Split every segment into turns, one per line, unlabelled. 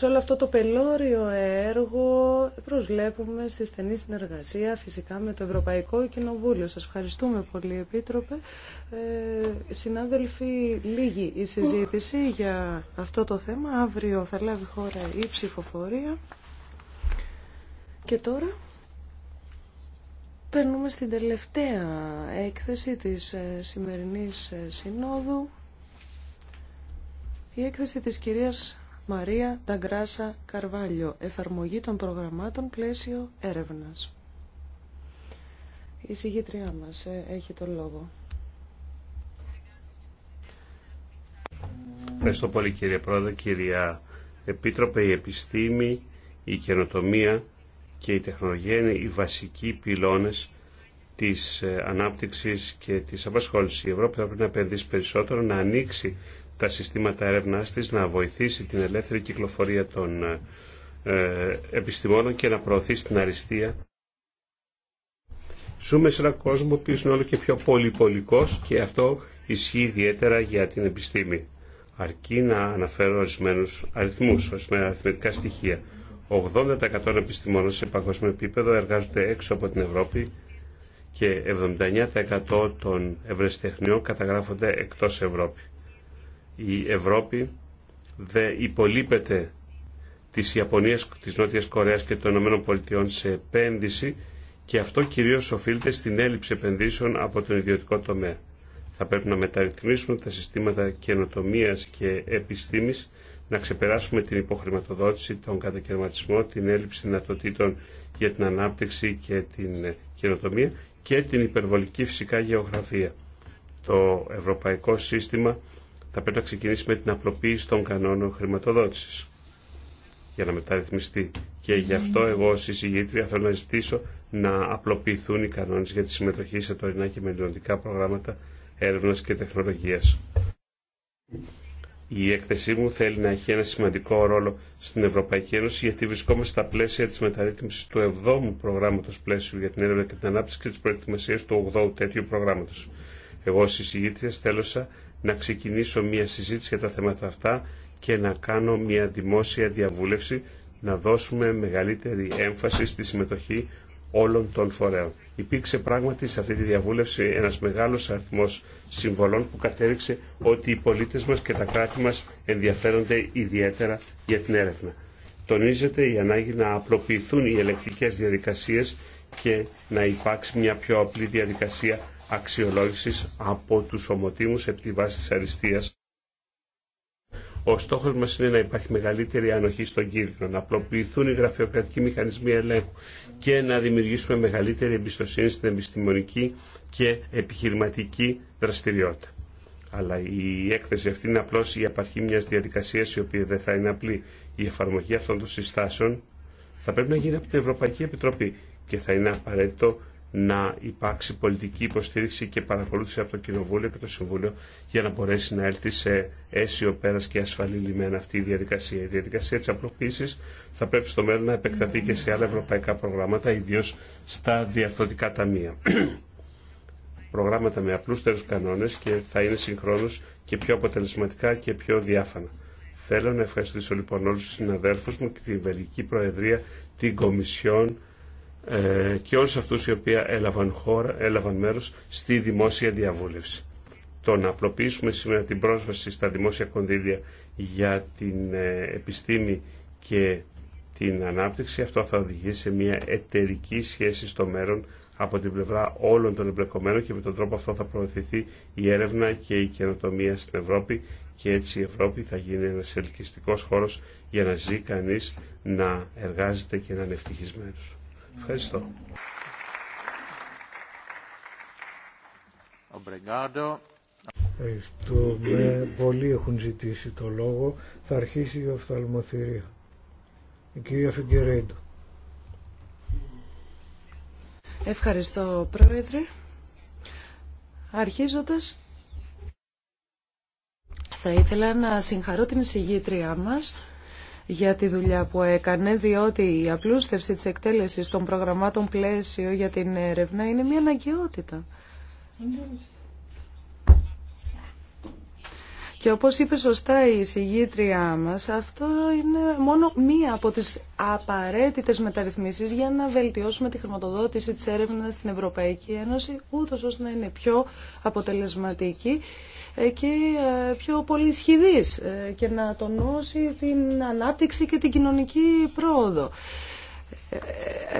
Σε όλο αυτό το πελώριο έργο προσβλέπουμε στη στενή συνεργασία φυσικά με το Ευρωπαϊκό Κοινοβούλιο. Σας ευχαριστούμε πολύ Επίτροπε. Ε, συνάδελφοι, λίγη η συζήτηση για αυτό το θέμα. Αύριο θα λάβει χώρα η ψηφοφορία. Και τώρα... Περνούμε στην τελευταία έκθεση της ε, σημερινής ε, συνόδου, η έκθεση της κυρίας Μαρία Νταγκράσα Καρβάλιο, εφαρμογή των προγραμμάτων πλαίσιο έρευνας. Η συγγήτριά μας ε, έχει τον λόγο.
Ευχαριστώ πολύ κύριε Πρόεδρε, κυρία Επίτροπε, η επιστήμη, η καινοτομία και η τεχνολογία είναι οι βασικοί πυλώνες της ε, ανάπτυξης και της απασχόλησης. Η Ευρώπη θα πρέπει να επενδύσει περισσότερο, να ανοίξει τα συστήματα έρευνάς της να βοηθήσει την ελεύθερη κυκλοφορία των ε, επιστημόνων και να προωθήσει την αριστεία. Ζούμε σε έναν κόσμο που είναι όλο και πιο πολυπολικός και αυτό ισχύει ιδιαίτερα για την επιστήμη. Αρκεί να αναφέρω ορισμένου αριθμού, ορισμένα αριθμητικά στοιχεία. 80% των επιστημόνων σε παγκόσμιο επίπεδο εργάζονται έξω από την Ευρώπη και 79% των ευρεσιτεχνιών καταγράφονται εκτός Ευρώπη η Ευρώπη δε υπολείπεται της Ιαπωνίας, της Νότιας Κορέας και των Ηνωμένων Πολιτειών σε επένδυση και αυτό κυρίως οφείλεται στην έλλειψη επενδύσεων από τον ιδιωτικό τομέα. Θα πρέπει να μεταρρυθμίσουμε τα συστήματα καινοτομία και επιστήμης, να ξεπεράσουμε την υποχρηματοδότηση, τον κατακαιρματισμό, την έλλειψη δυνατοτήτων για την ανάπτυξη και την καινοτομία και την υπερβολική φυσικά γεωγραφία. Το ευρωπαϊκό σύστημα θα πρέπει να ξεκινήσουμε την απλοποίηση των κανόνων χρηματοδότησης για να μεταρρυθμιστεί. Και γι' αυτό εγώ ως εισηγήτρια θέλω να ζητήσω να απλοποιηθούν οι κανόνες για τη συμμετοχή σε τωρινά και μελλοντικά προγράμματα έρευνας και τεχνολογίας. Η έκθεσή μου θέλει να έχει ένα σημαντικό ρόλο στην Ευρωπαϊκή Ένωση γιατί βρισκόμαστε στα πλαίσια της μεταρρύθμισης του 7ου προγράμματος πλαίσιου για την έρευνα και την ανάπτυξη και της προετοιμασίας του 8ου τέτοιου προγράμματος. Εγώ ως εισηγήτρια στέλωσα να ξεκινήσω μια συζήτηση για τα θέματα αυτά και να κάνω μια δημόσια διαβούλευση να δώσουμε μεγαλύτερη έμφαση στη συμμετοχή όλων των φορέων. Υπήρξε πράγματι σε αυτή τη διαβούλευση ένας μεγάλος αριθμός συμβολών που κατέληξε ότι οι πολίτες μας και τα κράτη μας ενδιαφέρονται ιδιαίτερα για την έρευνα. Τονίζεται η ανάγκη να απλοποιηθούν οι ελεκτικές διαδικασίες και να υπάρξει μια πιο απλή διαδικασία Αξιολόγηση από τους ομοτήμους επί τη βάση της αριστείας. Ο στόχος μας είναι να υπάρχει μεγαλύτερη ανοχή στον κίνδυνο, να απλοποιηθούν οι γραφειοκρατικοί μηχανισμοί ελέγχου και να δημιουργήσουμε μεγαλύτερη εμπιστοσύνη στην επιστημονική και επιχειρηματική δραστηριότητα. Αλλά η έκθεση αυτή είναι απλώ η απαρχή μια διαδικασία η οποία δεν θα είναι απλή. Η εφαρμογή αυτών των συστάσεων θα πρέπει να γίνει από την Ευρωπαϊκή Επιτροπή και θα είναι απαραίτητο να υπάρξει πολιτική υποστήριξη και παρακολούθηση από το Κοινοβούλιο και το Συμβούλιο για να μπορέσει να έρθει σε αίσιο πέρας και ασφαλή λιμένα αυτή η διαδικασία. Η διαδικασία της απλοποίησης θα πρέπει στο μέλλον να επεκταθεί και σε άλλα ευρωπαϊκά προγράμματα, ιδίως στα διαρθωτικά ταμεία. προγράμματα με απλούστερους κανόνες και θα είναι συγχρόνω και πιο αποτελεσματικά και πιο διάφανα. Θέλω να ευχαριστήσω λοιπόν όλου τους συναδέλφους μου και τη Βελγική Προεδρία, την Κομισιόν, ε, και όλους αυτούς οι οποίοι έλαβαν, χώρα, έλαβαν μέρος στη δημόσια διαβούλευση. Το να απλοποιήσουμε σήμερα την πρόσβαση στα δημόσια κονδύλια για την ε, επιστήμη και την ανάπτυξη, αυτό θα οδηγήσει σε μια εταιρική σχέση στο μέλλον από την πλευρά όλων των εμπλεκομένων και με τον τρόπο αυτό θα προωθηθεί η έρευνα και η καινοτομία στην Ευρώπη και έτσι η Ευρώπη θα γίνει ένας ελκυστικός χώρος για να ζει κανείς, να εργάζεται και να είναι ευτυχισμένος. Ευχαριστώ.
Ευχαριστώ. Πολλοί έχουν ζητήσει το λόγο. Θα αρχίσει η οφθαλμοθυρία. Η κυρία Φιγκερέντο.
Ευχαριστώ Πρόεδρε. Αρχίζοντας, θα ήθελα να συγχαρώ την εισηγήτριά μας για τη δουλειά που έκανε, διότι η απλούστευση της εκτέλεσης των προγραμμάτων πλαίσιο για την έρευνα είναι μια αναγκαιότητα. Και όπως είπε σωστά η συγγήτριά μας, αυτό είναι μόνο μία από τις απαραίτητες μεταρρυθμίσεις για να βελτιώσουμε τη χρηματοδότηση της έρευνας στην Ευρωπαϊκή Ένωση, ούτως ώστε να είναι πιο αποτελεσματική και ε, πιο πολυσχηδής ε, και να τονώσει την ανάπτυξη και την κοινωνική πρόοδο.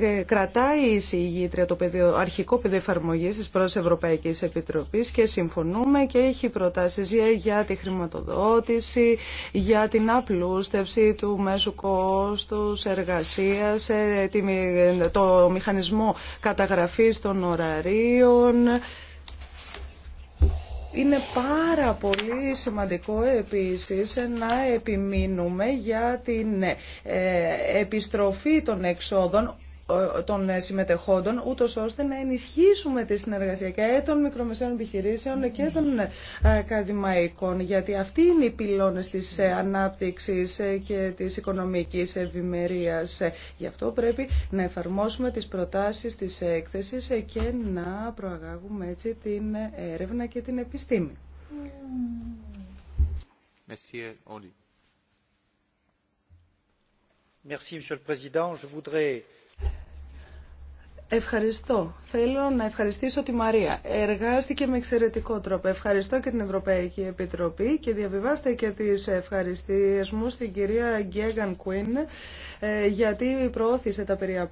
Ε, κρατάει η συγγήτρια το αρχικό πεδίο εφαρμογή τη προ Ευρωπαϊκή Επιτροπή και συμφωνούμε και έχει προτάσει για τη χρηματοδότηση, για την απλούστευση του μέσου κόστου εργασία, το μηχανισμό καταγραφή των ωραρίων, είναι πάρα πολύ σημαντικό επίσης να επιμείνουμε για την ε, επιστροφή των εξόδων των συμμετεχόντων, ούτως ώστε να ενισχύσουμε τη συνεργασία και των μικρομεσαίων επιχειρήσεων και των ε, ακαδημαϊκών, γιατί αυτοί είναι οι πυλώνες της ε, ανάπτυξης ε, και της οικονομικής ευημερίας. Γι' αυτό πρέπει να εφαρμόσουμε τις προτάσεις της έκθεσης και να προαγάγουμε έτσι την έρευνα και την επιστήμη. Mm. Ευχαριστώ. Θέλω να ευχαριστήσω τη Μαρία. Εργάστηκε με εξαιρετικό τρόπο. Ευχαριστώ και την Ευρωπαϊκή Επιτροπή και διαβιβάστε και τις ευχαριστίες μου στην κυρία Γκέγαν Κουίν ε, γιατί προώθησε τα περί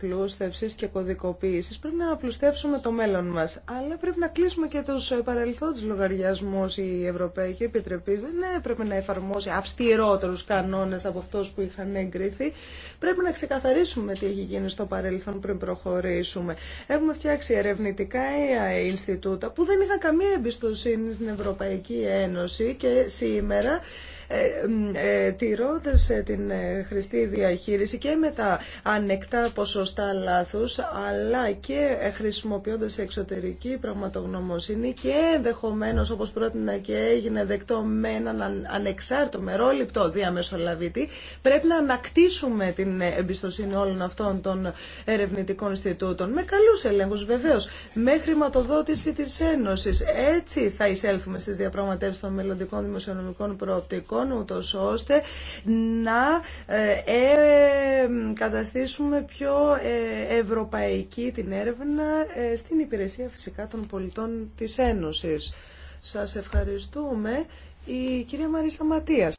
και κωδικοποίησης. Πρέπει να απλουστεύσουμε το μέλλον μας. Αλλά πρέπει να κλείσουμε και τους παρελθόντους λογαριασμούς. Η Ευρωπαϊκή Επιτροπή δεν ναι, πρέπει να εφαρμόσει αυστηρότερους κανόνες από αυτού που είχαν εγκριθεί. Πρέπει να ξεκαθαρίσουμε τι έχει γίνει στο παρελθόν πριν προχωρήσουμε. Έχουμε φτιάξει ερευνητικά Ινστιτούτα που δεν είχαν καμία εμπιστοσύνη στην Ευρωπαϊκή Ένωση και σήμερα ε, ε, τηρώντας ε, την χρηστή διαχείριση και με τα ανεκτά ποσοστά λάθους αλλά και χρησιμοποιώντας εξωτερική πραγματογνωμοσύνη και ενδεχομένω, όπως πρότεινα και έγινε δεκτό με έναν ανεξάρτητο μερόληπτο διαμεσολαβητή πρέπει να ανακτήσουμε την εμπιστοσύνη όλων αυτών των ερευνητικών Ινστιτούτων με καλούς ελέγχους βεβαίως με χρηματοδότηση της Ένωσης έτσι θα εισέλθουμε στις διαπραγματεύσεις των μελλοντικών δημοσιονομικών προοπτικών ούτως ώστε να ε, ε, καταστήσουμε πιο ε, ευρωπαϊκή την έρευνα στην υπηρεσία φυσικά των πολιτών της Ένωσης. Σας ευχαριστούμε. Η κυρία Μαρίσα Ματίας.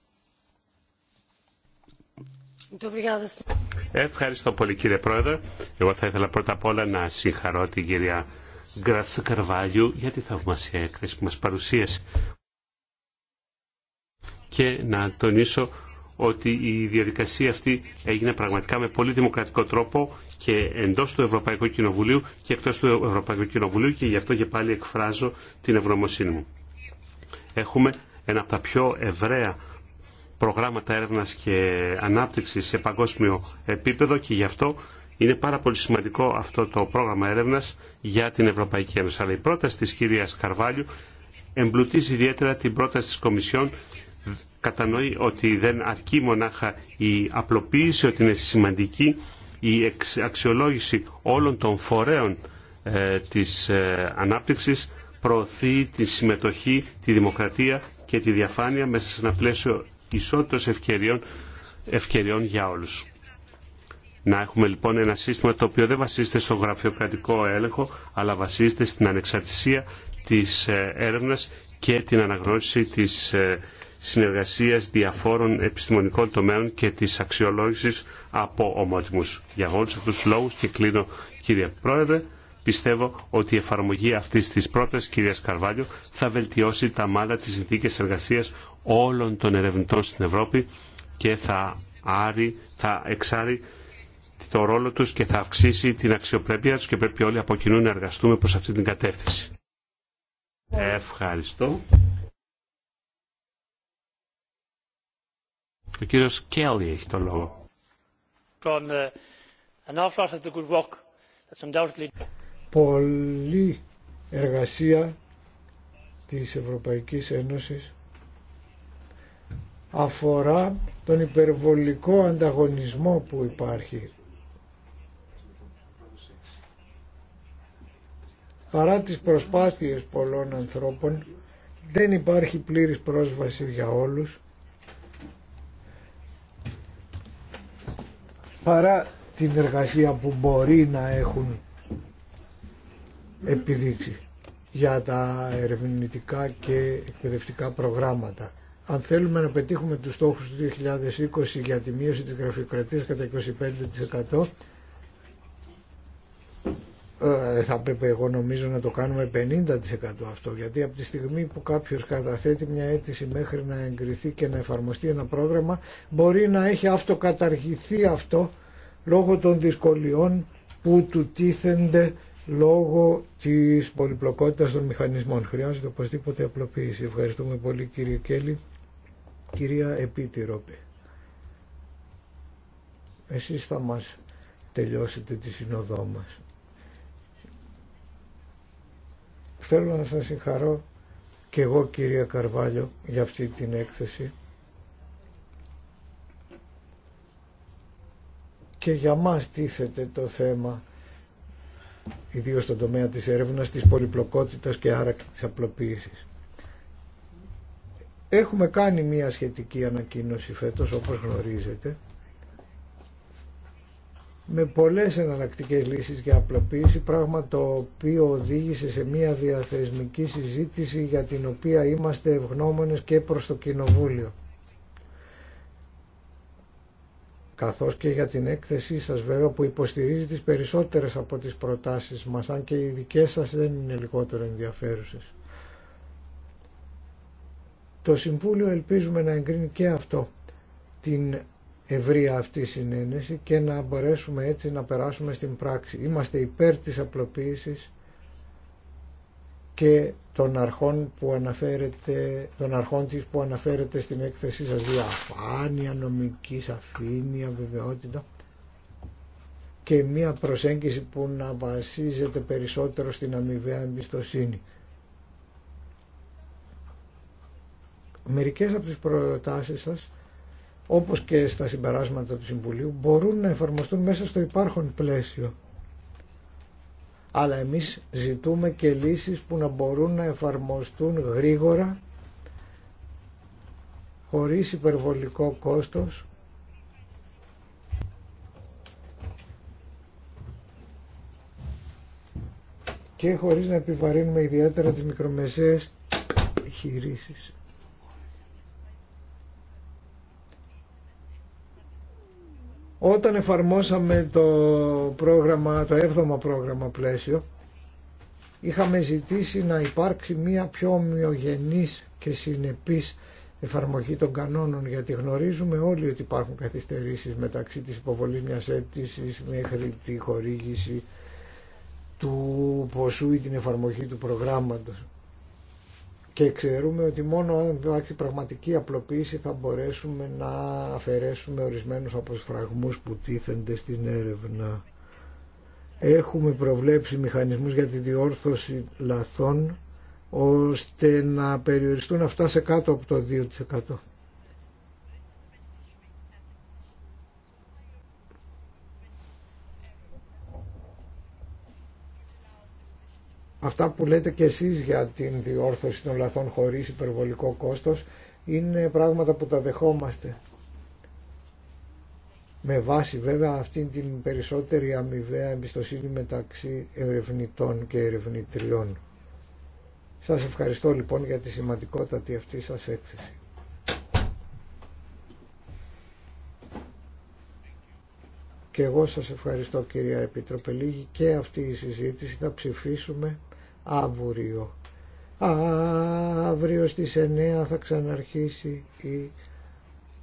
Ευχαριστώ πολύ κύριε Πρόεδρε. Εγώ θα ήθελα πρώτα απ' όλα να συγχαρώ την κυρία Γκράσσα Καρβάλιου για τη θαυμασία έκθεση που μας παρουσίασε και να τονίσω ότι η διαδικασία αυτή έγινε πραγματικά με πολύ δημοκρατικό τρόπο και εντό του Ευρωπαϊκού Κοινοβουλίου και εκτό του Ευρωπαϊκού Κοινοβουλίου και γι' αυτό και πάλι εκφράζω την ευγνωμοσύνη μου. Έχουμε ένα από τα πιο ευραία προγράμματα έρευνα και ανάπτυξη σε παγκόσμιο επίπεδο και γι' αυτό είναι πάρα πολύ σημαντικό αυτό το πρόγραμμα έρευνα για την Ευρωπαϊκή Ένωση. Αλλά η πρόταση τη κυρία Καρβάλιου εμπλουτίζει ιδιαίτερα την πρόταση τη Κομισιόν κατανοεί ότι δεν αρκεί μονάχα η απλοποίηση, ότι είναι σημαντική η αξιολόγηση όλων των φορέων ε, της ε, ανάπτυξης, προωθεί τη συμμετοχή, τη δημοκρατία και τη διαφάνεια μέσα σε ένα πλαίσιο ισότητας ευκαιριών, ευκαιριών για όλους. Να έχουμε λοιπόν ένα σύστημα το οποίο δεν βασίζεται στο γραφειοκρατικό έλεγχο, αλλά βασίζεται στην ανεξαρτησία της ε, έρευνας και την αναγνώριση της συνεργασίας διαφόρων επιστημονικών τομέων και της αξιολόγησης από ομότιμους. Για όλους αυτούς τους λόγους και κλείνω κύριε Πρόεδρε, πιστεύω ότι η εφαρμογή αυτής της πρότασης κυρίας Καρβάλιο θα βελτιώσει τα μάλα της συνθήκες εργασίας όλων των ερευνητών στην Ευρώπη και θα, άρει, θα εξάρει το ρόλο τους και θα αυξήσει την αξιοπρέπεια τους και πρέπει όλοι από κοινού να εργαστούμε προς αυτή την κατεύθυνση. Ευχαριστώ. Ο κύριος Κέλλη έχει το λόγο. Ε,
Πολύ εργασία της Ευρωπαϊκής Ένωσης αφορά τον υπερβολικό ανταγωνισμό που υπάρχει. Παρά τις προσπάθειες πολλών ανθρώπων δεν υπάρχει πλήρης πρόσβαση για όλους παρά την εργασία που μπορεί να έχουν επιδείξει για τα ερευνητικά και εκπαιδευτικά προγράμματα. Αν θέλουμε να πετύχουμε τους στόχους του 2020 για τη μείωση της γραφειοκρατίας κατά 25% ε, θα πρέπει εγώ νομίζω να το κάνουμε 50% αυτό γιατί από τη στιγμή που κάποιος καταθέτει μια αίτηση μέχρι να εγκριθεί και να εφαρμοστεί ένα πρόγραμμα μπορεί να έχει αυτοκαταργηθεί αυτό λόγω των δυσκολιών που του τίθενται λόγω της πολυπλοκότητας των μηχανισμών. Χρειάζεται οπωσδήποτε απλοποίηση. Ευχαριστούμε πολύ κύριε Κέλλη. Κυρία Επίτη εσείς θα μας τελειώσετε τη συνοδό μας. Θέλω να σας συγχαρώ και εγώ κυρία Καρβάλιο για αυτή την έκθεση και για μας τίθεται το θέμα ιδίως στον τομέα της έρευνας, της πολυπλοκότητας και άρα της απλοποίησης. Έχουμε κάνει μία σχετική ανακοίνωση φέτος όπως γνωρίζετε με πολλές εναλλακτικές λύσεις για απλοποίηση, πράγμα το οποίο οδήγησε σε μια διαθεσμική συζήτηση για την οποία είμαστε ευγνώμονες και προς το Κοινοβούλιο. Καθώς και για την έκθεσή σας βέβαια που υποστηρίζει τις περισσότερες από τις προτάσεις μας, αν και οι δικές σας δεν είναι λιγότερο ενδιαφέρουσες. Το Συμβούλιο ελπίζουμε να εγκρίνει και αυτό την ευρεία αυτή η συνένεση και να μπορέσουμε έτσι να περάσουμε στην πράξη. Είμαστε υπέρ της απλοποίησης και των αρχών, που αναφέρεται, των αρχών της που αναφέρεται στην έκθεσή σας διαφάνεια, νομική σαφήνεια, βεβαιότητα και μία προσέγγιση που να βασίζεται περισσότερο στην αμοιβαία εμπιστοσύνη. Μερικές από τις προτάσεις σας όπως και στα συμπεράσματα του Συμβουλίου μπορούν να εφαρμοστούν μέσα στο υπάρχον πλαίσιο αλλά εμείς ζητούμε και λύσεις που να μπορούν να εφαρμοστούν γρήγορα χωρίς υπερβολικό κόστος και χωρίς να επιβαρύνουμε ιδιαίτερα τις μικρομεσαίες επιχειρήσεις. Όταν εφαρμόσαμε το, πρόγραμμα, το έβδομο πρόγραμμα πλαίσιο, είχαμε ζητήσει να υπάρξει μια πιο ομοιογενής και συνεπής εφαρμογή των κανόνων, γιατί γνωρίζουμε όλοι ότι υπάρχουν καθυστερήσεις μεταξύ της υποβολής μιας αίτησης μέχρι τη χορήγηση του ποσού ή την εφαρμογή του προγράμματος. Και ξέρουμε ότι μόνο αν υπάρχει πραγματική απλοποίηση θα μπορέσουμε να αφαιρέσουμε ορισμένους από τους φραγμούς που τίθενται στην έρευνα. Έχουμε προβλέψει μηχανισμούς για τη διόρθωση λαθών ώστε να περιοριστούν αυτά σε κάτω από το 2%. αυτά που λέτε και εσείς για την διόρθωση των λαθών χωρίς υπερβολικό κόστος είναι πράγματα που τα δεχόμαστε. Με βάση βέβαια αυτή την περισσότερη αμοιβαία εμπιστοσύνη μεταξύ ερευνητών και ερευνητριών. Σας ευχαριστώ λοιπόν για τη σημαντικότατη αυτή σας έκθεση. Και εγώ σας ευχαριστώ κυρία Επίτροπε. και αυτή η συζήτηση θα ψηφίσουμε αύριο. Αύριο στις 9 θα ξαναρχίσει η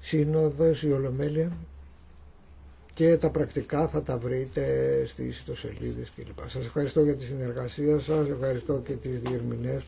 σύνοδος, η Ολομέλεια και τα πρακτικά θα τα βρείτε στις ιστοσελίδες κλπ. Σας ευχαριστώ για τη συνεργασία σας, ευχαριστώ και τις διερμηνές.